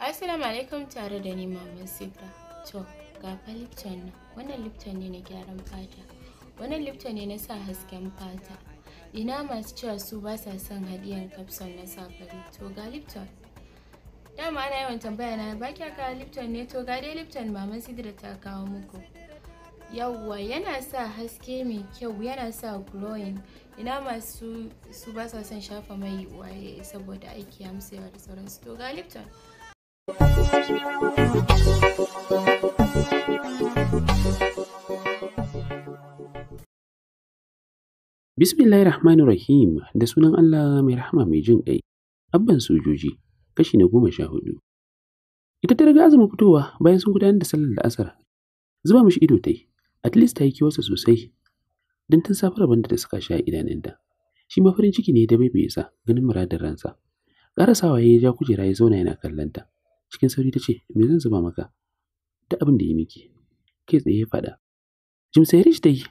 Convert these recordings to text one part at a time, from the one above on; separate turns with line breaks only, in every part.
Assalamu alaikum tare da ni Maman Sibra. To, ga fa Lipton nan. Wannan Lipton ne na gyaran fata. Wannan Lipton ne na sa hasken fata. Ina masu cewa su ba sa son hadiyan capsule na safari. To, ga Lipton. Dama ana yawan tambaya na ba kya kawo Lipton ne? To, ga dai Lipton Maman Sidra ta kawo muku. Yawwa yana sa haske mai kyau, yana sa glowing. Ina masu su ba sa son shafa mai waye saboda aiki ya da sauransu. To, ga Lipton. Bismillahir Rahmanir Rahim da sunan Allah mai rahama mai jin kai Abban sojoji kashi na goma sha hudu. Ita ta riga azumin fitowa bayan sun gudanar da sallar da asar. Zuba mishi ido ta yi, at least ta yi kiwarsa sosai. Don tun safar banda da suka sha idanunta. Shi ma farin ciki ne da bai sa ganin muradin ransa. Ƙarasawa ya ja kujera ya zauna yana kallonta. cikin sauri ta ce me zan zuba maka ta abin da ya miki kai tsaye ya faɗa jim sai rish ta yi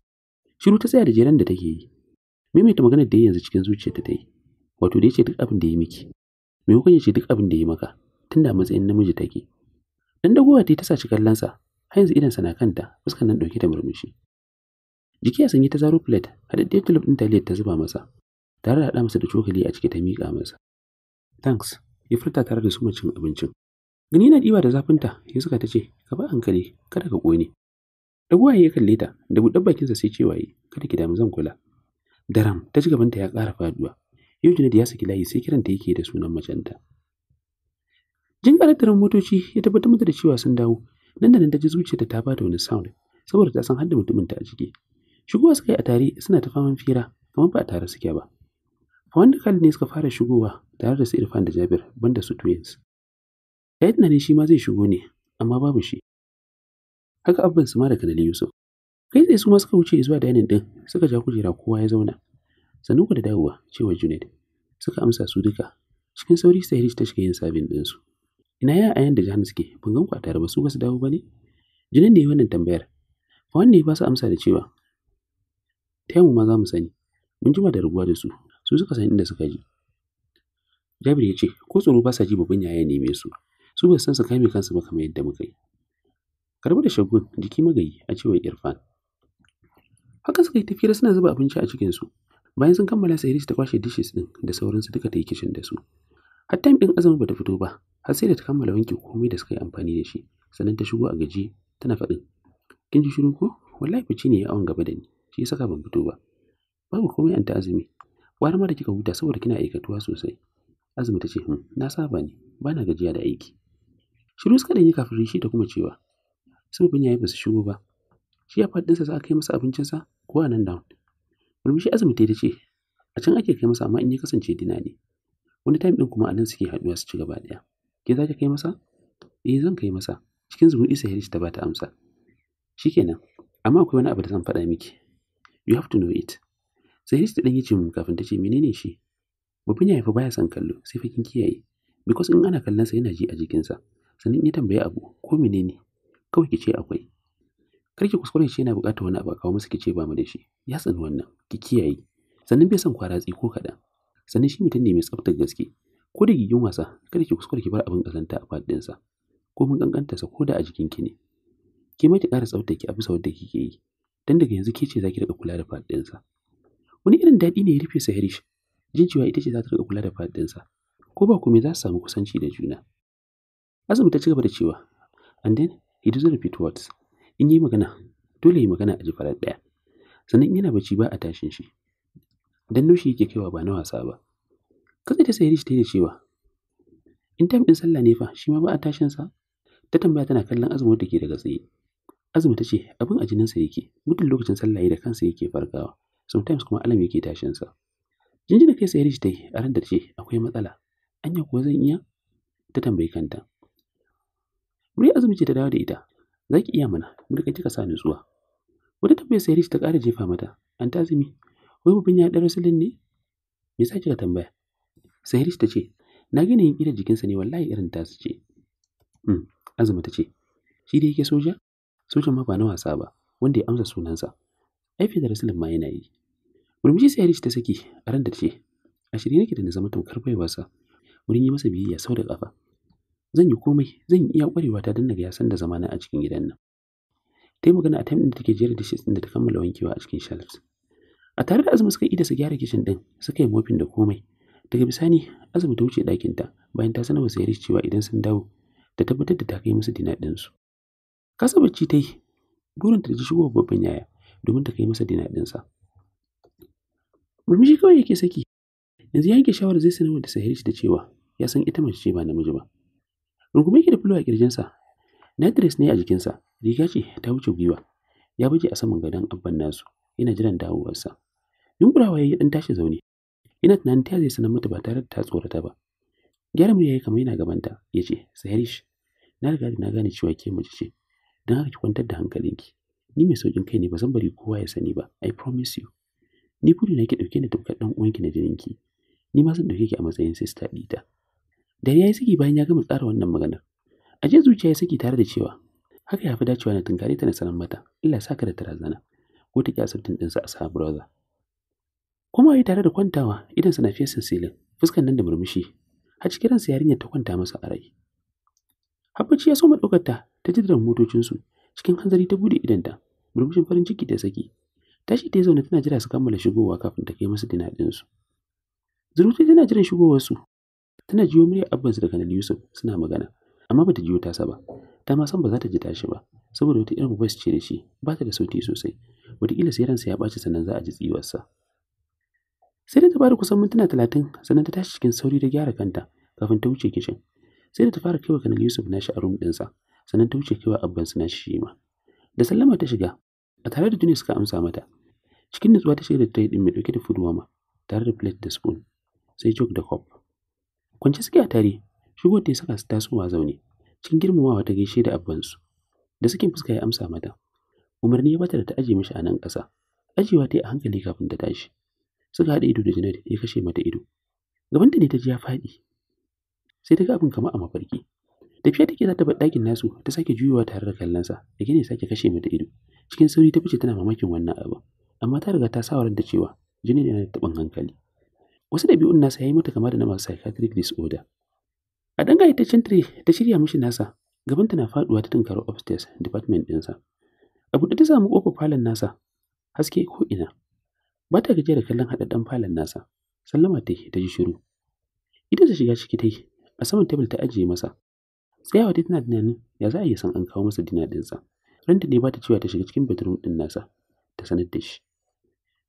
shiru ta tsaya da jiran da take yi maimaita magana da ya yanzu cikin zuciyarta ta yi wato da ya ce duk abin da ya miki maimakon ya ce duk abin da ya maka tunda matsayin namiji take dan dagowa ta sa shi kallonsa har yanzu idansa na kanta fuskar nan ɗauke ta murmushi jiki a sanye ta zaro plate haɗaɗɗiyar tulip ɗin taliyar ta zuba masa tare da haɗa masa da cokali a ciki ta miƙa masa thanks ya furta tare da su sumacin abincin Gani yana ɗiba da zafinta ya suka ta ce, Ka ba hankali, kada ka ƙone. Ɗaguwaye ya kalle ta, da buɗar bakinsa sai cewa yi, Kada ki damu zan kula. Daram, ta ci gabanta ya ƙara faduwa Yau Junaid ya saki layi sai kiranta yake da sunan macenta. Jin ƙarattarin motoci ya tabbatar mata da cewa sun dawo, nan da nan ta ji zuciyarta ta ba da wani sound, saboda ta san hadda da ta a ciki. Shigowa suka yi a tare suna ta faman fira, kamar ba a tare suke ba. A wanda Khalid ne suka fara shigowa tare da su Irfan da Jabir, banda su twins. Ya yi tunanin shi ma zai shigo ne, amma babu shi. Haka abin su ma da Kanali Yusuf. Kai tsaye su ma suka wuce zuwa dainin ɗin suka ja kujera kowa ya zauna. Sannu ku da dawowa, cewa Junaid. Suka amsa su duka. Cikin sauri sai Sahiris ta shiga yin sabin ɗinsu. Ina ya ayan da Jahan suke, ban gan ku a tare ba su ba su dawo ba ne? Junaid ne wannan tambayar. Fa wanne ba su amsa da cewa ta mu ma za mu sani. Mun jima da rabuwa da su, su suka san inda suka ji. Jabir ya ce, ko tsoro ba sa ji babban yaya neme su. su ba san su kame kansu ba kamar yadda muka yi karbi da shagun jiki magayi a cewar irfan haka suka yi tafiyar suna zuba abinci a cikin su bayan sun kammala sai ta kwashe dishes din da su duka ta yi kishin da su har time din azumi ta fito ba har sai da ta kammala wanke komai da suka yi amfani da shi sannan ta shigo a gaji tana faɗin kin ji shiru ko wallahi fice ne ya awon gaba da ni shi ya saka ban fito ba babu komai an ta azumi wani ma da kika huta saboda kina aikatuwa sosai azumi ta ce hmm, na saba ne bana gajiya da aiki Shiru suka ɗanyi kafin rishi ta kuma cewa, Sabbin yayi ba su shigo ba. Shi ya sa za a kai masa sa ko a nan down. Murmushi azumi ta ce, A can ake kai masa amma in ya kasance dina ne. Wani time ɗin kuma a nan suke haɗuwa su ci gaba ɗaya. Ke za kai masa? Eh zan kai masa. Cikin isa Sahirish ta ba ta amsa. Shikenan, amma akwai wani abu da zan faɗa miki. You have to know it. Sahirish ta ɗan yi mun kafin ta ce menene shi? Babban yayi fa baya son kallo sai fa kin kiyaye. Because in ana kallon sa yana ji a jikinsa. sannan ya tambayi abu ko menene kawai ki ce akwai karki ki kuskure ce yana bukatar wani abu a kawo masa ki ce ba mu da shi ya tsani wannan ki kiyaye sannan bai son kwaratsi ko kaɗan sannan shi mutum ne mai tsaftar gaske ko da gigin wasa kada ki kuskure ki bar abin kazanta a sa ko mun kankanta sa ko da a jikin ki ne ki mai ta ƙara tsaftar ki a bisa wadda kike yi dan daga yanzu ke ce za ki kula da sa wani irin daɗi ne ya rufe sa harish jin cewa ita ce za ta daga kula da sa ko ba me za su samu kusanci da juna Azumi ta ci gaba da cewa, and then he doesn't repeat words. In yi magana, dole yi magana a ji farar ɗaya. Sannan yana bacci ba a tashin shi. Dan nushi yake kaiwa ba na wasa ba. Kasa ta sayi ta cewa, in time ɗin sallah ne fa shi ma ba a tashin sa? Ta tambaya tana kallon azumin da ke daga tsaye. Azumi ta ce abin a jininsa yake, mutum lokacin sallah da kansa yake farkawa. Sometimes kuma alam yake tashin sa. Jinjina kai sai Rishi ta yi a ran da ce akwai matsala. Anya kuwa zan iya? Ta tambayi kanta. Muri azumi ce ta dawo da ita. Za ki iya mana, muri kai kika sa nutsuwa. Wata tambayar sai ta ƙara jefa mata, an ta azumi, wai babban ya ɗan rasulun ne? Me yasa kika tambaya? Sahirish ta ce, na gina yin ƙira jikinsa ne wallahi irin su ce. Hmm, azumi ta ce, shi da yake soja? Sojan ma ba na wasa ba, wanda ya amsa sunansa. Aifi da rasulun ma yana yi. Murmushi Sahirish ta saki a ran da ce, a shirye nake da na zama tamkar baiwarsa, wurin yi masa biyayya sau da ƙafa. zan yi komai zan iya kwarewa ta danna ga da zamana a cikin gidan nan ta yi magana a time din da take jera dishes din da ta kammala wankewa a cikin shelves a tare da azumi suka yi da su gyara kitchen din suka yi mofin da komai daga bisani azumi ta wuce ɗakin ta bayan ta sanar masa cewa idan sun dawo ta tabbatar da ta kai musu dina din su kasa bacci ta yi burin ta ji shigo babban yaya domin ta kai masa dina din sa murmushi kawai yake saki yanzu yanke shawarar zai sanar da sahirci da cewa ya san ita mace ce ba namiji ba rungume yake da fulo a kirjinsa nadris ne a jikinsa riga ce ta wuce gwiwa ya buje a saman gadon abban nasu yana jiran dawowarsa yunkurawa ya yi dan tashi zaune yana tunanin ta zai sanar mata ba tare da ta tsorata ba gyara ya ya kamar yana gabanta ya ce sahirish na riga da na gane cewa ke mace ce don haka ki kwantar da hankalinki ni mai saukin kai ne ba zan bari kowa ya sani ba i promise you ni kuri na ki dauke ni tamkar dan uwanki na jininki ni ma zan dauke ki a matsayin sister dita Dare ya yi saki bayan ya gama tsara wannan A je zuciya ya saki tare da cewa haka ya fi dacewa na tunkare ta na sanar mata Allah sa ka da tarazana ko ta ki asibtin ɗinsa a saha brother. Kuma yi tare da kwantawa idan sana fesin silin fuskan nan da murmushi har cikin ransa yarinyar ta kwanta masa a rai. Habbaci ya soma ɗaukar ta ta jiddar motocinsu cikin hanzari ta bude idanta murmushin farin ciki da saki tashi ta zaune tana jira su kammala shigowa kafin ta kai musu dina ɗinsu. Zurutu tana jiran shigowarsu tana jiyo muryar su daga Nali Yusuf suna magana amma bata jiyo tasa ba ta ma san ba za ta ji tashi ba saboda wata irin voice ce da shi ba ta da sauti sosai wataƙila sai ransa ya ɓaci sannan za a ji tsiwarsa sai da ta fara kusan mintuna talatin sannan ta tashi cikin sauri da gyara kanta kafin ta wuce kishin sai da ta fara kaiwa kanal yusuf nashi a rum ɗinsa sannan ta wuce kaiwa abbansu nashi shi ma da sallama ta shiga a tare da duniya suka amsa mata cikin nutsuwa ta shiga da tray ɗin mai ɗauke da food mama tare da plate da spoon sai jog da cup Kwanci suke a tare shigo ta saka su tasowa zaune cikin girmamawa ta gaishe da abbansu da suke fuska ya amsa mata umarni ya bata da ta aje mishi a nan ƙasa ajewa ta yi a hankali kafin ta tashi suka haɗa ido da janar ya kashe mata ido gabanta ne ta ji ya faɗi sai ta ga abin kama a mafarki tafiya take za ta bar ɗakin nasu ta sake juyowa tare da kallonsa da gini sake kashe mata ido cikin sauri ta fice tana mamakin wannan abu amma ta riga ta sa da cewa jinin yana da taɓin hankali wasu ɗabi'un nasa ya yi mata kama da na masu psychiatric disorder a ɗan tire ta shirya mishi nasa gabanta na faɗuwa ta tunkaro upstairs department ɗinsa a buɗe ta samu ƙofar falon nasa haske ko ina ba ta gajiyar da kallon haɗaɗɗen falon nasa sallama ta ta ji shiru ita ta shiga ciki ta yi a saman tebul ta ajiye masa tsayawa ta tana tunanin ya za a iya san an kawo masa dina ɗinsa ranta ne ba ta cewa ta shiga cikin bedroom ɗin nasa ta sanar da shi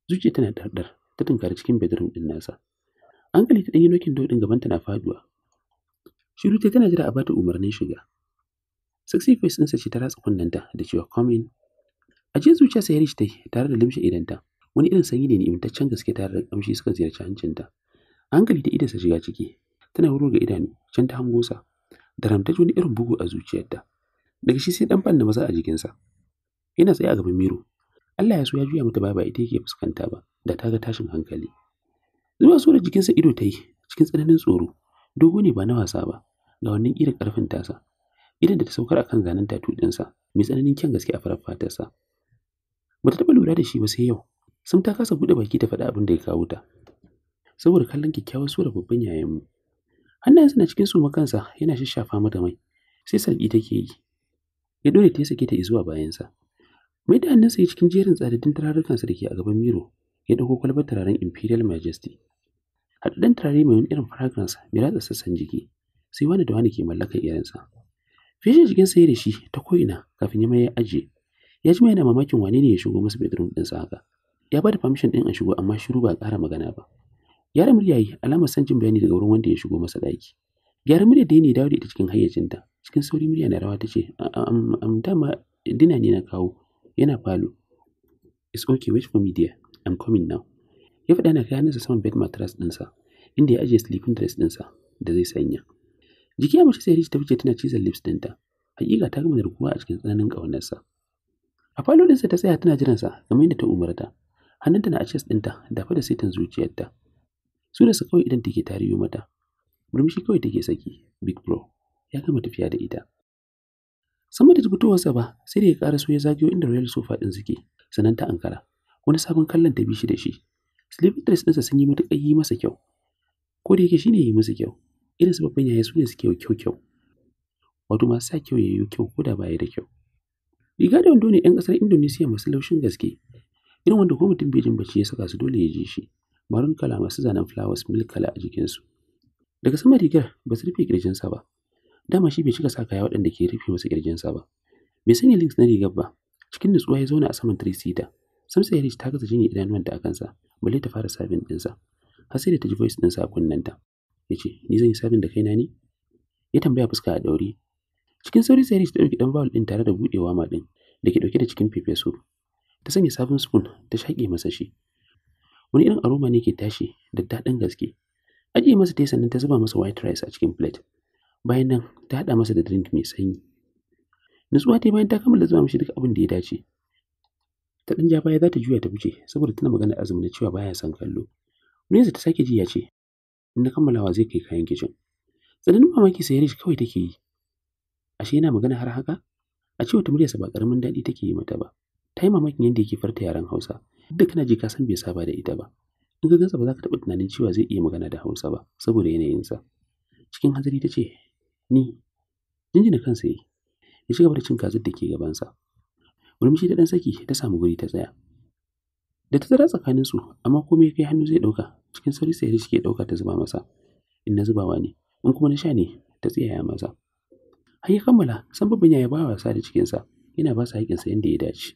zuciya tana ɗarɗar ta tunkari cikin bedroom ɗin nasa hankali ta ɗanyi nokin doɗin gaban tana faduwa shiru ta tana jira a bata umarnin shiga sexy face ɗinsa ce ta ratsa kunnenta da cewa come in a ce zuciya sai ya ta tare da limshe idanta wani irin sanyi ne ta can gaske tare da kamshi suka ziyarci hancinta a hankali ta idansa shiga ciki tana wuro ga idanu can ta hango sa da ramtaci wani irin bugu a zuciyarta daga shi sai dan fanna maza a jikinsa yana tsaye a gaban miro Allah ya so ya juya mata babu ita yake fuskanta ba da ta ga tashin hankali Zuba so da jikinsa ido ta yi cikin tsananin tsoro. Dogo ne ba na wasa ba, ga wannan ƙirar ƙarfin tasa. Idan da ta saukar akan zanen tatu ɗinsa, mai tsananin kyan gaske a farar fatarsa. Ba ta taɓa lura da shi ba sai yau, sun ta kasa buɗe baki ta faɗa abin da ya kawo ta. Saboda kallon kyakkyawar surar babban mu Hannayensa na cikin suma kansa yana shashafa mata mai, sai sarki take yi. Ya dole ta sake ta zuwa bayansa. Mai da hannunsa ya cikin jerin tsadadin turarukansa da ke a gaban miro ya ɗauko kwalbar turaren imperial majesty haɗaɗɗen turare mai wani irin fragrance mai ratsa sassan jiki sai wani da wani ke mallakar irinsa fishin jikin sai da shi ta ko'ina kafin ya mai ya ajiye ya ji yana mamakin wane ne ya shigo masa bedroom ɗinsa haka ya bada da permission ɗin a shigo amma shiru ba ƙara magana ba gyara murya yi alamar son jin bayani daga wurin wanda ya shigo masa ɗaki gyara murya da ne dawo da ita cikin hayyacinta cikin sauri murya na rawa ta ce amma dama dina ne na kawo yana falo it's okay wait for me there I'm coming now. Ya faɗa yana kai hannunsa saman bed mattress ɗinsa, inda ya ajiye sleeping dress ɗinsa da zai sanya. Jiki ya mace sai ta fice tana cizon lips ɗinta. Hakika ta gama narkuwa a cikin tsananin ƙaunarsa. A falo ɗinsa ta tsaya tana jiransa kamar yadda ta umarta. Hannunta na a chest ɗinta da fada saitin zuciyarta. Su da su kawai idan take tariyo mata. Murmushi kawai take saki, Big Bro. Ya gama tafiya da ita. Sama da fitowarsa ba, sai da ya ƙara so ya zagayo inda Royal Sofa ɗin suke, sannan ta ankara. wani sabon kallon ta bi shi da shi sleeping dress ɗinsa sun yi matuƙar yi masa kyau ko da yake shi ne yi masa kyau irin su babban yaya su ne suke kyau kyau wato masu sa kyau ya yi kyau ko da baya da kyau riga da wando ne 'yan ƙasar indonesia masu laushin gaske irin wanda ko mutum bai jin bacci ya saka su dole ya ji shi Marun kala masu zanen flowers milk kala a jikinsu daga sama rigar ba su rufe ƙirjinsa ba dama shi bai cika sa kaya waɗanda ke rufe masa ƙirjinsa ba bai sanya links na rigar ba cikin nutsuwa ya zauna a saman seater Samsa ya ta gaza jini idanuwanta a kansa, balle ta fara sabin ɗinsa. Har sai da ta ji voice ɗinsa a ta Ya ce, Ni zan yi sabin da kaina ne? Ya tambaya fuska a ɗauri. Cikin sauri sai ta ɗauki ɗan bawul ɗin tare da buɗewa ma ɗin da ke ɗauke da cikin fefe su. Ta sanya sabon spoon ta shaƙe masa shi. Wani irin aroma ne ke tashi da daɗin gaske. Ajiye masa ta sannan ta zuba masa white rice a cikin plate. Bayan nan ta haɗa masa da drink mai sanyi. Nutsuwa ta bayan ta kammala zuba mishi duk abin da ya dace. ta ɗan ja baya za ta juya ta buce, saboda tana magana azumi da cewa baya son kallo Nesa ta sake ji ya ce in na kammalawa zai kai kayan kicin tsananin mamaki sai Rish kawai take yi ashe yana magana har haka a cewa ta muryarsa ba karamin daɗi take yi mata ba ta yi mamakin yadda yake farta yaren Hausa duk kana ji ka san bai saba da ita ba in ka gansa ba za ka taɓa tunanin cewa zai iya magana da Hausa ba saboda yanayin sa. cikin hanzari ta ce ni jinjina kansa yi ya ci gaba da cin kazar da ke gabansa murmushi da ɗan saki ta samu guri ta tsaya da ta tsakanin su amma komai kai hannu zai ɗauka cikin sauri sai da ke ɗauka ta zuba masa in na zubawa ne in kuma na sha ne ta tsayaya masa har ya kammala san babban ya ba wasa da cikinsa yana ba sa haƙinsa yadda ya dace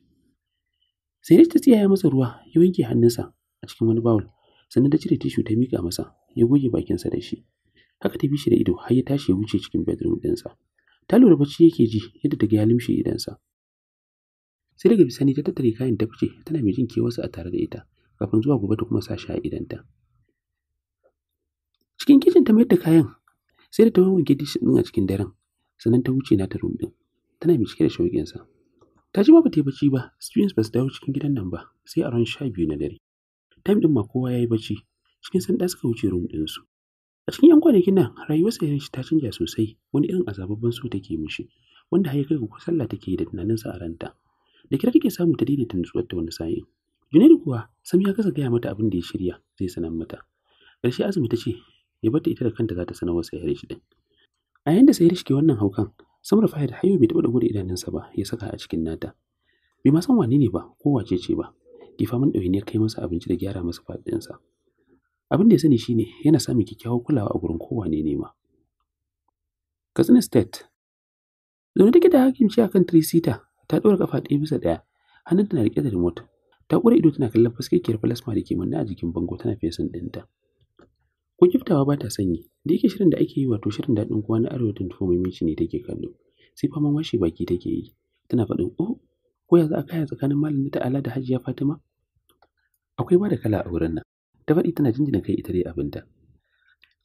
sai ta tsiyaya masa ruwa ya wanke hannunsa a cikin wani bawul sannan ta cire tishu ta miƙa masa ya goge bakinsa da shi haka ta bi shi da ido har ya tashi ya wuce cikin bedroom ɗinsa ta lura bacci yake ji yadda ta ga ya limshe idansa sai daga bisani ta tattare kayan ta fice tana mai jin kewarsa a tare da ita kafin zuwa gobe ta kuma sa shi a idanta cikin kicin ta mayar da kayan sai da ta wanke dish din a cikin daren sannan ta wuce na ta room tana mai cike da shauƙinsa. sa ta ji ba ba ta yi bacci ba students ba su dawo cikin gidan nan ba sai a ran sha biyu na dare time din ma kowa ya yi bacci cikin sanda suka wuce rum din su a cikin yan kwanakin nan rayuwarsa ya ta canja sosai wani irin azababban so take mishi wanda har ya kai sallah take da tunaninsa a ranta da kira take samu ta daidaita nutsuwar ta wani sa'in junaidu kuwa sam ya kasa gaya mata abin da ya shirya zai sanar mata ƙarshe azumi ta ce ya bata ita da kanta za ta sanar wa sayar shi din a yayin da sayar shi ke wannan haukan samar fahid hayo bai taɓa da gudu idanunsa ba ya saka a cikin nata bai ma san wane ne ba ko wace ce ba Ke kifa mun ya kai masa abinci da gyara masa faɗinsa abin da ya sani shine yana samun kyakkyawar kulawa a gurin kowane ne ma katsina state zaune take da hakimci a kan ta ɗora kafa ɗaya bisa ɗaya hannun tana riƙe da remote ta ƙure ido tana kallon fuskekiyar plasma da ke manne a jikin bango tana fesin ɗinta ko kiftawa ba ta sanyi da yake shirin da ake yi wato shirin daɗin kowa na arewa tuntuɓo mai ne take kallo sai fama washe baki take yi tana faɗin oh ko ya za a kaya tsakanin malam ta ala da hajiya fatima akwai ba da kala a wurin nan ta faɗi tana jinjina kai ita dai abinta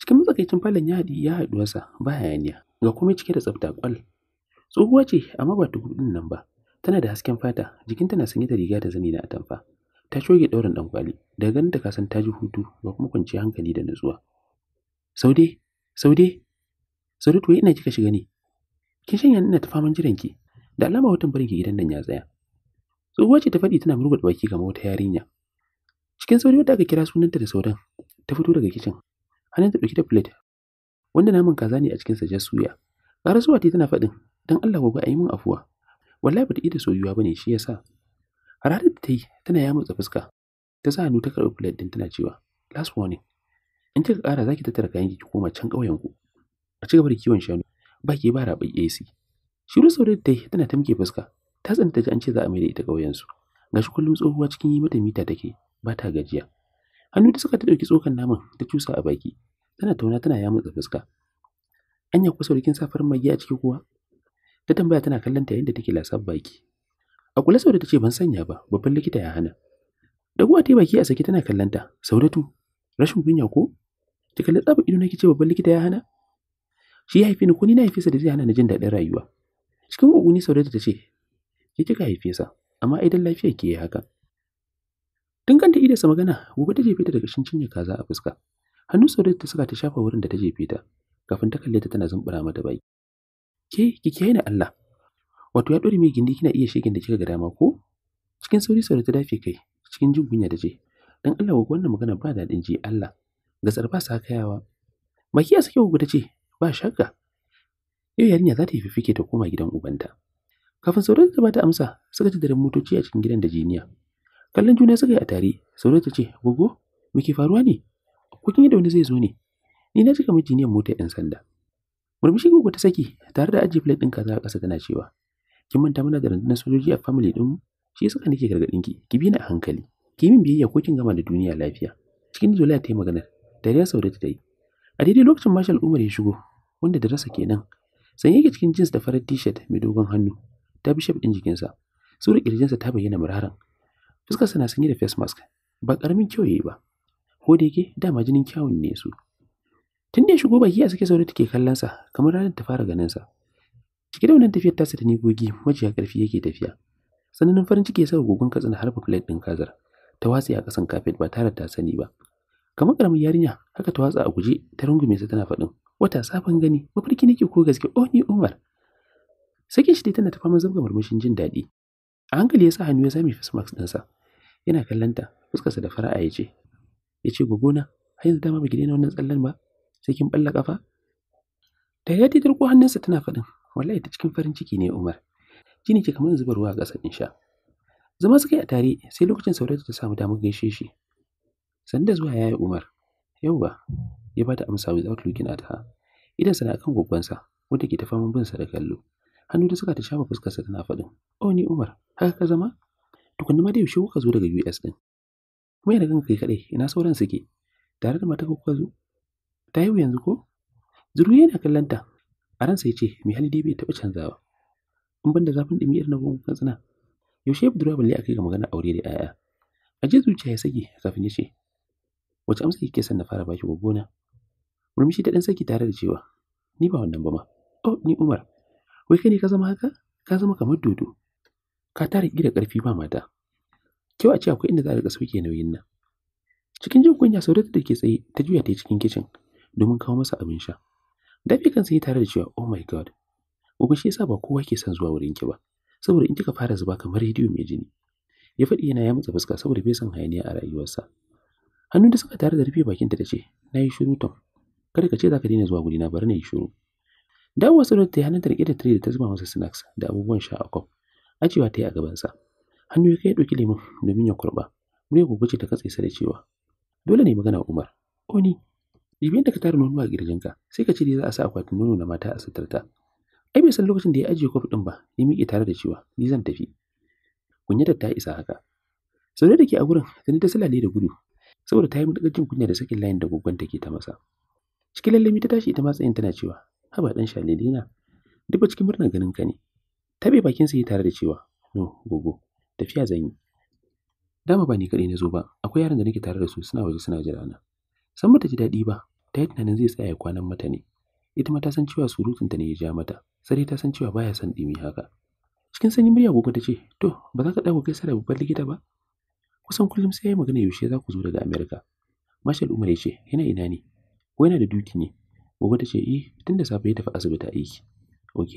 cikin matsakaicin falon ya haɗu ya haɗuwarsa ba hayaniya ga komai cike da tsafta kwal tsohuwa ce amma ba ta din nan ba tana da hasken fata jikinta na sanye da riga da zani na atamfa ta shoge ɗaurin kwali Da ganin ta kasan ta ji hutu ba kuma kwanci hankali da nutsuwa saude saude saude to ina kika shiga ne kin shanya ina ta faman jiran ki da alama watan barin gidan nan ya tsaya tsohuwa ce ta faɗi tana murgud baki ga wata yarinya cikin sauri wadda aka kira sunanta da sauran ta fito daga kicin hannun ta ɗauki da plate wanda naman kaza ne a cikinsa jar suya ƙarar zuwa tana faɗin don Allah gobe a yi min afuwa wallahi bata da soyuwa ba ne, shi yasa harare da ta yi tana ya mutsa fuska ta sa hannu ta karɓi plate din tana cewa last warning in kika ƙara zaki tattara kayan ki koma can ƙauyen ku a ci gaba da kiwon shanu ba ki ba raɓar AC shiru sau da ta yi tana tamke fuska ta tsinta ji an ce za a mai da ita ƙauyensu. su gashi kullum tsohuwa cikin yi mata mita take ba ta gajiya hannu da suka ta ɗauki tsokan naman ta cusa a baki tana tauna tana ya mutsa fuska anya kusa rikin kin sa farin magiya a ciki kuwa ta tambaya tana kallon ta yayin da take lasar baki a kula saboda tace ban sanya ba babban likita ya hana daguwa ta baki a sake tana kallon ta saudatu rashin kunya ko ta kalli tsaba ido na kice babban likita ya hana shi ya haife ni ko ni na haife sa da zai hana ni jin daɗin rayuwa cikin uguni saudatu ta ce ki kika haife sa amma idan lafiyar ki yi haka tun kanta sa magana gobe ta jefe ta daga shincin ya kaza a fuska hannu saudatu ta saka ta shafa wurin da ta jefe ta kafin ta kalle ta tana zumbura mata baki ke ki kiyaye Allah wato ya dore mai gindi kina iya shegen da kika ga dama ko cikin sauri sauri ta dafe kai cikin jin gunya da je dan Allah ku wannan magana ba da ji Allah gasar ba sa kayawa baki a sake ku ta ce ba shakka yau yarinya za ta yi fifike ta koma gidan ubanta kafin sauran ta bata amsa suka ji daren motoci a cikin gidan da jiniya kallon juna suka yi a tare sauran ta ce gogo me ke faruwa ne ko kin da wani zai zo ne ni na ji kamar jiniyan mota ɗin sanda murmushi gugu ta saki tare da ajiye plate ɗin kaza a tana cewa kin manta mana da rundunar sojoji a family ɗin shi suka nake gargaɗin ki ki bi ni a hankali ki min biyayya ko kin gama da duniya lafiya cikin zulaya ta yi magana. Da ya saurari ta yi a daidai lokacin marshal umar ya shigo wanda da rasa kenan sanye yake cikin jeans da farar t-shirt mai dogon hannu ta bi shape ɗin jikinsa sura kirjinsa ta bayyana muraran fuskarsa na sanye da face mask ba karamin kyau yayi ba ko da yake dama jinin kyawun ne su tun da ya shigo baki a suke sauri take kallon sa kamar ranar ta fara ganin sa cike da wannan tafiyar tasa ta nigogi majiya karfi yake tafiya sanannen farin ciki ya sa gogon katsin harfa plate din kazar ta watsi a kasan kafet ba tare da ta sani ba kamar karamin yarinya haka ta watsa a guje ta rungume sa tana faɗin wata safan gani mafarki nake ko gaske oh ni umar sakin shi tana ta fama zabga murmushin jin daɗi a hankali ya sa hannu ya sami face mask ɗinsa yana kallon ta fuskarsa da fara'a ya ce ya ce gogona har yanzu dama ba ki wannan tsallan ba sai kin balla kafa da ya ta ko hannunsa tana faɗin wallahi ta cikin farin ciki ne Umar jini ke kamar zubar ruwa a ƙasar insha zama suka yi a tare sai lokacin saurata ta samu damar gaishe shi sanda zuwa yayi Umar yauwa ya bata amsa without looking at her idan sana kan gobbansa wanda ke ta faman bin sa da kallo hannu da suka ta shafa fuskar sa tana faɗin oh ni Umar haka ka zama tukunna ma da yaushe kuka zo daga US din kuma yana ganka kai kadai ina sauran suke tare da mata kuka zo ta haihu yanzu ko zuru yana kallon ta a ransa ya ce mai hali dai bai taɓa canzawa in banda zafin ɗumi irin na gungun katsina yaushe ya budurwa balle a kai ga magana aure da 'ya'ya a je zuciya ya sake kafin ya ce wace amsa kike son na fara baki gona? murmushi ta ɗan saki tare da cewa ni ba wannan ba ma oh ni umar wai kai ne ka zama haka ka zama kamar dodo ka tara ƙarfi ba mata kyau a ce akwai inda za a riƙa sauke nauyin nan cikin jin kunya saurata da ke tsaye ta juya ta yi cikin kicin domin kawo masa abin sha. Dafi kansa yi tare da cewa oh my god, gobe shi yasa ba kowa ke son zuwa wurin ki ba, saboda in kika fara zuba kamar rediyo mai jini. Ya faɗi yana ya matsa fuska saboda bai son hayaniya a rayuwarsa. Hannu da suka tare da rufe bakinta ta ce, na yi shiru Tom, kada ka ce za ka daina zuwa gudina bari na yi shiru. Dawowar Sadot ta yi hannun ta da tire da ta zuba masa snacks da abubuwan sha a a cewa ta yi a gabansa. Hannu ya kai ɗauki lemun domin ya kurɓa. Murya gobe ce ta katse sa da cewa, dole ne magana Umar, Oni, oh Bibiyar da ka tara nono a girjinka, sai ka cire za a sa akwatin nono na mata a suturta. Ai bai san lokacin da ya ajiye kwaf ɗin ba, ya miƙe tare da cewa ni zan tafi. Kunyatar ta isa haka. Saude da ke a gurin, Sani ta silale da gudu, saboda ta yi matuƙar jin kunya da sakin layin da ta take ta masa. Cikin lallami ta tashi ita ma tsayin tana cewa, haba ɗan shalilina, duk cikin murnar ganin ka ne. Ta bai bakinsa yi tare da cewa, no, gogo, tafiya zan yi. Dama ba ni kaɗai na zo ba, akwai yaran da nake tare da su suna waje suna jira na. san bata ji daɗi ba ta yi tunanin zai tsaya kwanan mata ne ita ma ta san cewa surutunta ne ya ja mata sai ta san cewa baya son ɗimi haka cikin sanyin murya gobe ta ce to ba za ka ɗago kai da babban likita ba kusan kullum sai ya yi magana yaushe za ku zo daga amerika mashal umar ya ce yana ina ne ko yana da duki ne Gobe ta ce eh tun da safe ya tafi asibiti aiki ok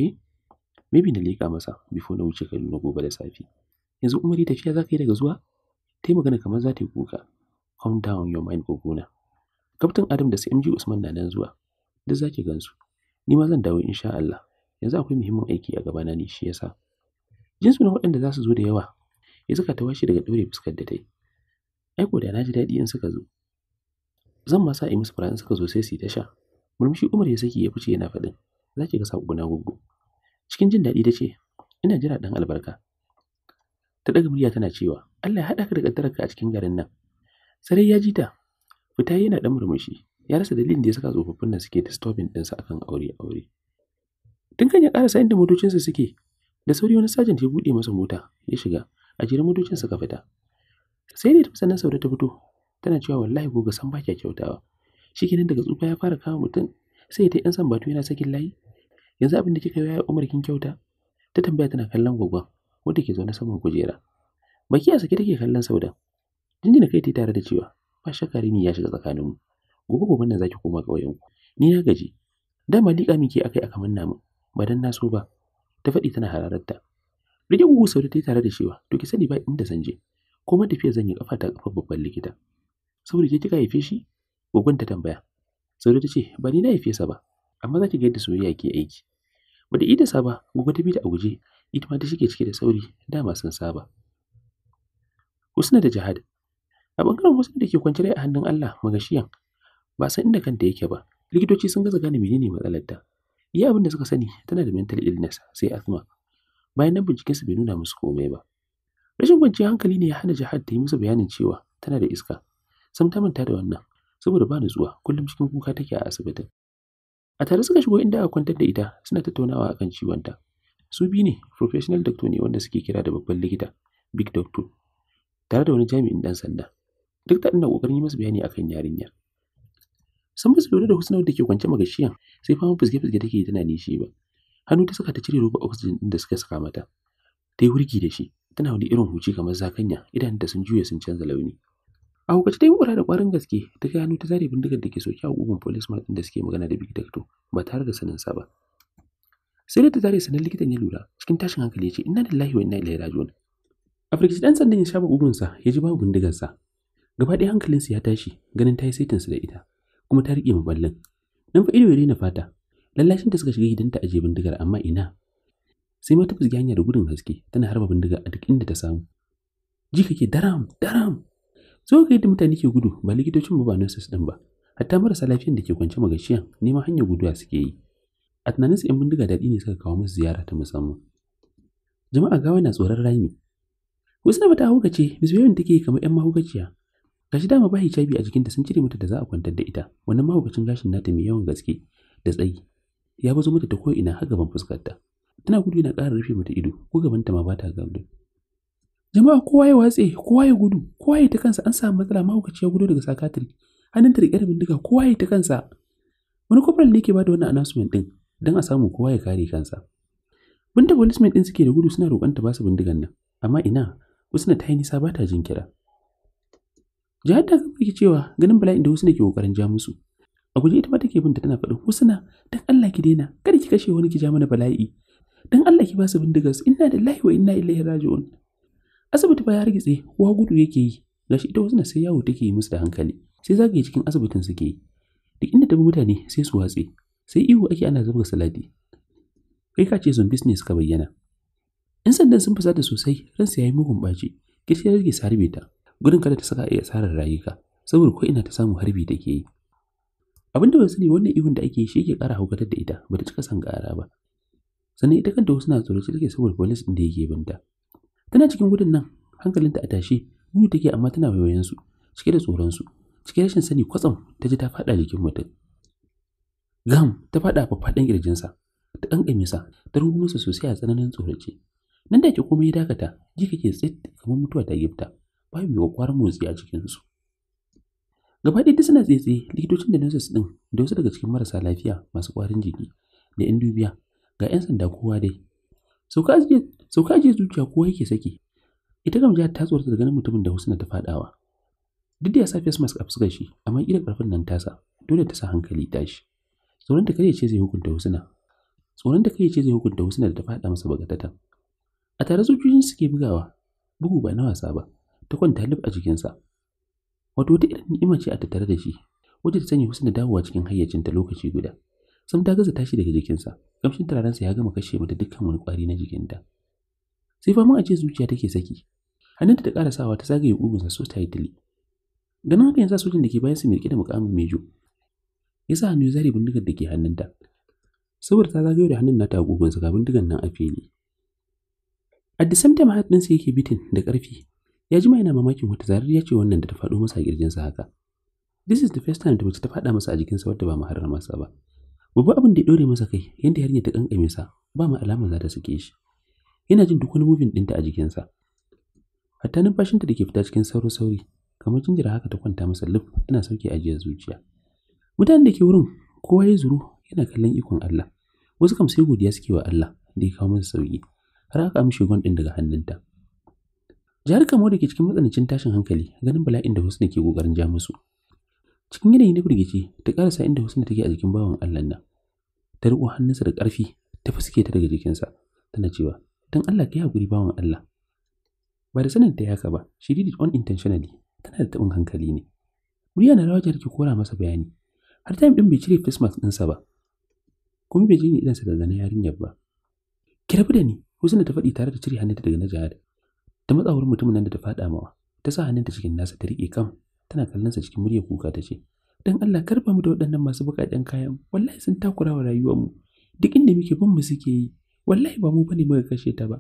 maybe na leƙa masa bifo na wuce kaduna gobe da safe yanzu umari tafiya za ka yi daga zuwa ta yi magana kamar za ta yi kuka calm down your mind gogona kaftin adam da su inji usman na nan zuwa duk zaki gansu ni ma zan dawo insha Allah yanzu akwai muhimmin aiki a gabana ne shi yasa jinsu na waɗanda za su zo da yawa ya saka ta washe daga dore fuskar da tai yi ko da na ji daɗi in suka zo zan ma sa yi musu fara suka zo sai su yi tasha murmushi umar ya saki ya fice yana faɗin za ki ga sako na gugu cikin jin daɗi ta ce ina jira ɗan albarka ta ɗaga murya tana cewa Allah ya haɗa ka da ƙaddararka a cikin garin nan sarai ya ji ta Fita yana ɗan murmushi, ya rasa dalilin da ya saka tsofaffin nan suke disturbing ɗinsa akan aure-aure. Tun kan ya sayin da motocinsa suke, da sauri wani sajin ya buɗe masa mota ya shiga, a jere motocin suka fita. Sai da tafi nan Saude ta fito, tana cewa wallahi gobe san ba kya kyautawa. Shi kenan daga tsufa ya fara kama mutum, sai ya ta ‘yan san batu yana sakin layi. Yanzu abin da kika yi Umar kin kyauta, ta tambaya tana kallon gwaggon wadda ke zaune saman kujera. Baki a sake take kallon saudan Jinjina kai ta tare da cewa ba shakka ne ya shiga tsakaninmu gobe gobe nan zaki koma ƙauyenku ni na gaji dama liƙa miki akai aka manna namu. ba dan na so ba ta faɗi tana hararta rike gugu sau ta tare da cewa to ki sani ba inda zan je ma tafiya zan yi kafa ta kafa babban likita saboda ke kika haife shi gogon ta tambaya sauri ta ce ba ni na haife sa ba amma za ki ga yadda soyayya ke aiki ba da idasa ba gogo ta bi ta a guje ita ma ta shige cike da sauri dama sun saba Husna da Jihad a bangaren wasu da ke kwanci rai a hannun Allah magashiyan ba san inda kanta yake ba likitoci sun gaza gane menene matsalar ta iya abin da suka sani tana da mental illness sai asma bayan nan binciken su bai nuna musu komai ba rashin kwanciyar hankali ne ya hana jihar ta yi musu bayanin cewa tana da iska sam ta manta da wannan saboda ba nutsuwa kullum cikin kuka take a asibitin a tare suka shigo inda aka kwantar da ita suna tattaunawa akan ciwon ta su biyu ne professional doctor ne wanda suke kira da babban likita big doctor tare da wani jami'in dan sanda duk da ina ƙoƙarin yi masa bayani akan yarinya. sun basu lura da husnawar da ke kwance magashiyan sai fama fizge-fizge take tana nishi ba hannu ta saka ta cire roba oxygen ɗin da suka saka mata ta yi wurgi da shi tana wani irin huci kamar zakanya idan da sun juya sun canza launi a hukace ta yi ƙura da kwarin gaske ta ga hannu ta zare bindigar da ke soke a gugun police ɗin da suke magana da big doctor ba tare da sa ba sai da ta zare sanar likitan ya lura cikin tashin hankali ya ce inna lillahi wa inna ilaihi raji'un a firgici ɗan ya shafa sa ya ji babu sa gaba ɗaya hankalinsu ya tashi ganin ta yi saitinsu da ita kuma ta riƙe maballin nan fa ido ya daina fata lallashin ta suka shiga gidanta a jebin digar amma ina sai mata ta hanya da gudun haske tana harba bindiga a duk inda ta samu ji kake daram daram so ga yadda mutane ke gudu ba likitocin ba ba nurses din ba hatta marasa lafiyan da ke kwance magashiyan neman hanyar guduwa suke yi a tunaninsu 'yan bindiga daɗi ne suka kawo musu ziyara ta musamman jama'a gawa na tsoron rami wasu na bata haukace bisbiyoyin take kamar 'yan mahaukaciya gashi dama ba hijabi a jikinta sun cire mata da za a kwantar da ita wannan mahaukacin gashin nata mai yawan gaske da tsayi ya bazo mata ta ko ina har gaban fuskarta tana gudu yana ƙara rufe mata ido ko gabanta ma ba ta jama'a kowa ya watse kowa ya gudu kowa ya ta kansa an samu matsala mahaukaci ya gudu daga sakatiri ta riƙe da bindiga kowa ya ta kansa wani kwamfanin ne ke ba da wannan announcement din don a samu kowa ya kare kansa binta policemen din suke da gudu suna roƙon ta ba su bindigan nan amma ina na ta yi nisa ba ta jin kira Jihar ta kafa cewa ganin bala'in da wasu ke kokarin ja musu. A guje ita ma take bin ta tana faɗin Husna dan Allah ki daina kada ki kashe wani ki ja mana bala'i. Dan Allah ki ba su bindigar su inna lillahi wa inna ilaihi raji'un. Asibiti ba ya rigitse wa gudu yake yi gashi ita wasu na sai yawo take yi musu da hankali sai zagaye cikin asibitin suke yi. Duk inda ta bi mutane sai su watse sai ihu ake ana zuba salati. Kai ka ce zombies ne suka bayyana. ‘Yan sandan sun fusata sosai ransu ya yi mugun ɓaci, kirki rage su ta, gudun kada ta saka iya asarar rayuka saboda ko ina ta samu harbi ke yi abinda ba sani wannan ihun da ake yi shi ke kara haukatar da ita bata cika san kara ba sannan ita kanta wasu na su take saboda police din da yake binta tana cikin gudun nan hankalinta a tashi gudu take amma tana wayoyin su cike da tsoron su cike rashin sani kwatsam ta ji ta fada jikin mutum gam ta fada faffaɗan sa ta kankame sa ta rubu masa sosai a tsananin tsorace nan da ke komai ya dakata ji kake tsit kamar mutuwa ta gifta babu yiwuwa kwarin motsi a su gaba ɗaya suna tsaye likitocin da nurses ɗin da wasu daga cikin marasa lafiya masu kwarin jiki da 'yan dubiya ga 'yan sanda kowa dai sauka ajiye zuciya kowa yake saki ita kam jihar ta tsorata da ganin mutumin da husna ta faɗawa duk da ya sa face mask a fuskar shi amma ƙila ƙarfin nan tasa dole ta sa hankali tashi tsoron ta kare ce zai hukunta husna tsoron ta kare ce zai hukunta husna da ta faɗa masa bagatatan a tare zuciyoyin suke bugawa bugu ba na wasa ba ta kwanta lif a jikinsa wato wata irin ni'ima ce a tattare da shi wajen ta sanya husna dawowa cikin hayyacinta lokaci guda sam ta gaza tashi daga jikinsa kamshin turarensa ya gama kashe mata dukkan wani kwari na jikinta sai fama a ce zuciya take saki hannunta ta ƙara sawa ta zagaye ƙugunsa so tightly ganin haka yanzu sojin da ke bayan su mai da mukamin mejo ya sa hannu ya zare bindigar da ke hannunta saboda ta zagayo da hannun nata a ƙugunsa ga bindigar nan a fili a the same time yake bitin da ƙarfi ya jima yana mamakin wata zarar ya ce wannan da ta faɗo masa a kirjinsa haka this is the first time da mace ta faɗa masa a jikinsa wadda ba maharramarsa ba Babu abin da ya dore masa kai yadda yarinya ta kankame sa ba ma alama za ta sake shi yana jin duk wani movin ɗinta a jikinsa hatta numfashinta da ke fita cikin sauri-sauri kamar jinjira haka ta kwanta masa lif tana sauke ajiyar zuciya mutanen da ke wurin kowa ya zuru yana kallon ikon Allah wasu kam sai godiya suke wa Allah da ya kawo masa sauki har aka amshe gon din daga hannunta Jihar Kamo da ke cikin matsanancin tashin hankali ganin bala'in da Husna ke kokarin ja musu. Cikin yanayi na firgici ta karasa inda Husna take a jikin bawan Allah nan. Ta riƙo hannunsa da ƙarfi ta fuske ta daga jikinsa tana cewa Don Allah ka yi haƙuri bawan Allah. Ba da sanin ta yaka ba, she did it unintentionally, tana da taɓin hankali ne. Murya na rawar jarki kora masa bayani, har time ɗin bai cire face mask ɗinsa ba. Kuma bai idan sa da zane yarinyar ba. Ki rabu da ni, Husna ta faɗi tare da cire hannunta daga na jihar. ta matsa wurin mutumin nan da ta faɗa mawa ta sa hannunta cikin nasa ta riƙe kam tana kallon sa cikin murya kuka ta ce dan Allah karba mu da waɗannan masu buƙaƙen kayan wallahi sun takura wa rayuwar mu duk inda muke bin mu suke yi wallahi ba mu bane muka kashe ta ba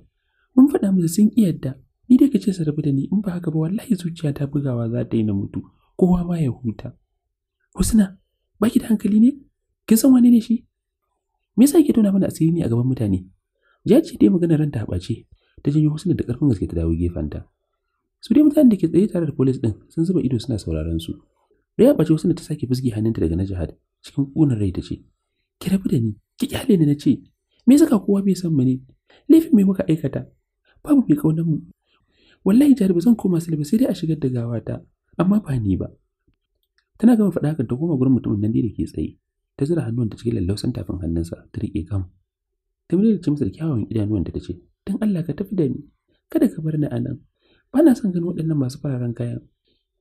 mun faɗa musu sun yadda ni dai kace su rabu da ni in ba haka ba wallahi zuciya ta bugawa za ta yi na mutu kowa ma ya huta Husna Baki da hankali ne kin san wane ne shi me yasa yake tona mana asiri ne a gaban mutane Jaji dai magana ranta ta bace ta janyo husna da ƙarfin gaske ta dawo gefenta su dai mutanen da ke tsaye tare da polis din sun zuba ido suna sauraron su Raya bace da ta sake fizgi hannunta daga na jihad cikin ƙunar rai ta ce ki rabu da ni ki kyale ni na ce me saka kowa bai san mu ne laifin mai muka aikata babu mai kaunar mu wallahi jihar ba zan koma silba sai dai a shigar da gawata amma ba ni ba tana gama faɗa haka ta koma gurin mutumin nan da ke tsaye ta zura hannunta cikin lallausan tafin hannunsa ta riƙe kam ta mure ce masa da kyawawan idanuwan da ta ce dan Allah ka tafi da ni kada ka bar ni a nan ba son ganin waɗannan masu fararen kayan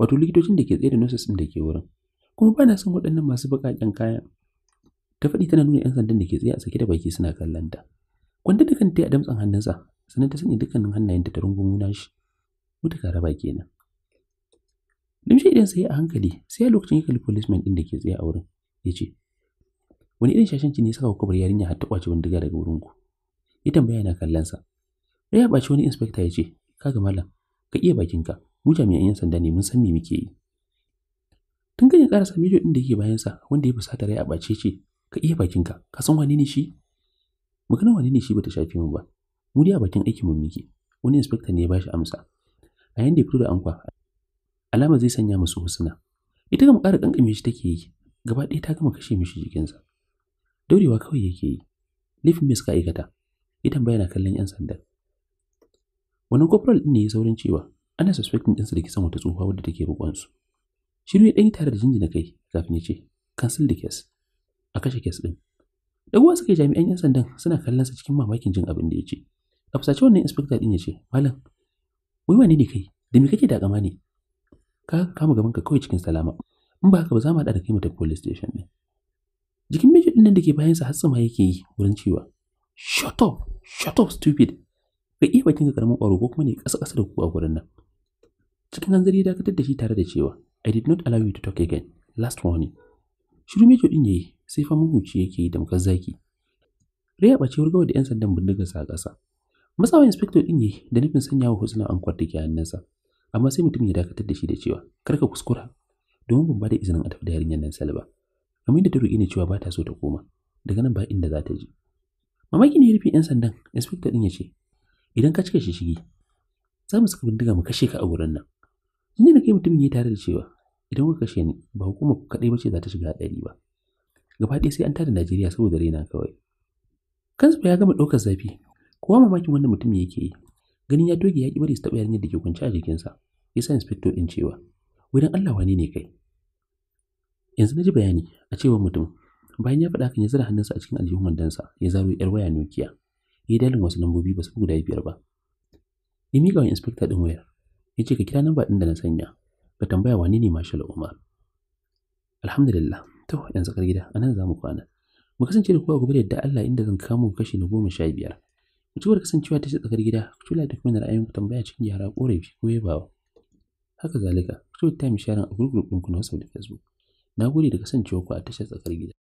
wato likitocin da ke tsaye da nurses ɗin da ke wurin kuma bana na son waɗannan masu baƙaƙen kayan ta faɗi tana nuna 'yan sandan da ke tsaye a sake da baki suna kallon ta kwanta da kanta a damtsan hannunsa sannan ta sanya dukkanin hannayenta ta rungumo nashi mutuka raba nan. limshe idan sai a hankali sai a lokacin ya kalli policeman ɗin da ke tsaye a wurin ya ce wani irin shashanci ne saka bar yarinya har ta kwace bindiga daga wurin ku. ya tambaya yana kallon sa Rai ya ɓaci wani inspector ya ce, kaga malam, ka iya bakinka, mu jami'an 'yan sanda ne mun san me muke yi. Tun kan ya ƙarasa mijo ɗin da yake sa wanda ya fusata rai a ɓace ce, ka iya bakinka, ka san wane ne shi? Maganar wane ne shi bata shafi mu ba, mu dai a bakin aikin mu muke, wani inspector ne ya bashi amsa. A yanda ya fito da ankwa, alama zai sanya musu husuna Ita gama ƙara ƙanƙame shi take yi, gaba ɗaya ta gama kashe mishi jikinsa. Daurewa kawai yake yi, laifin me suka aikata, ita bayana kallon 'yan sanda. wani corporal ɗin ne ya saurin cewa ana suspecting ɗinsa da kisan wata tsohuwa wadda take su shiru ya ɗanyi tare da jinjina kai kafin ya ce cancel da kes a kashe kes ɗin ɗaguwa suka yi jami'an 'yan sandan suna kallon sa cikin mamakin jin abin da ya ce a fusace wannan inspector ɗin ya ce malam wai wane ne kai da me kake da kama ne ka kama gaban ka kawai cikin salama in ba haka ba za mu haɗa da kai mu tafi police station ɗin jikin mijin ɗin nan da ke bayansa har sama yake yi wurin cewa shut up shut up stupid ka iya bakin ka karamin ƙwaro ko kuma ne ƙasa ƙasa da ku a gurin nan cikin hanzari ya dakatar da shi tare da cewa i did not allow you to talk again last warning shiru mejo din yayi sai fa huci yake yi damkar zaki rai a ɓace wurgawa da 'yan sandan bindiga sa kasa matsawa inspector din yayi da nufin sanya wa husna an ke hannunsa amma sai mutum ya dakatar da shi da cewa kar ka kuskura domin ban da izinin a tafi da yarinyar nan Salba. Kamar da ta roƙi ne cewa ba ta so ta koma, daga nan ba inda za ta je. Mamaki ne ya rufe 'yan sandan, inspector din ya ce, idan ka cika shishigi za mu saka bindiga mu kashe ka a wurin nan ni da kai mutumin ya tare da cewa idan kuka kashe ni ba hukuma ku kaɗai bace za ta shiga haɗari ba gaba ɗaya sai an tada Najeriya saboda raina kawai kansu ya gama ɗaukar zafi kowa mamakin wannan mutum yake yi ganin ya toge ya ki bari su taɓa yarinyar da ke kwance a jikinsa ya sa inspector ɗin cewa wurin Allah wani ne kai yanzu na ji bayani a cewar mutum bayan ya faɗa kan ya zira hannunsa a cikin aljihun wandonsa ya zaro yar waya nokiya ya dalin wasu lambobi ba su guda biyar ba ya miƙa wa inspector ɗin wayar ya ce ka kira namba ɗin da na sanya ka tambaya wani ne marshal umar alhamdulillah to yanzu kar gida anan za mu kwana mu kasance da kowa gobe da yadda Allah inda zan kamo kashi na goma sha biyar mutuwar kasancewa ta ce tsakar gida ku tula da kuma ra'ayin ku tambaya cikin yara korafi ko yabawa haka zalika ku ta mi sharing a gurgurkun ku na WhatsApp da Facebook na gode da kasancewa ku a tashar tsakar gida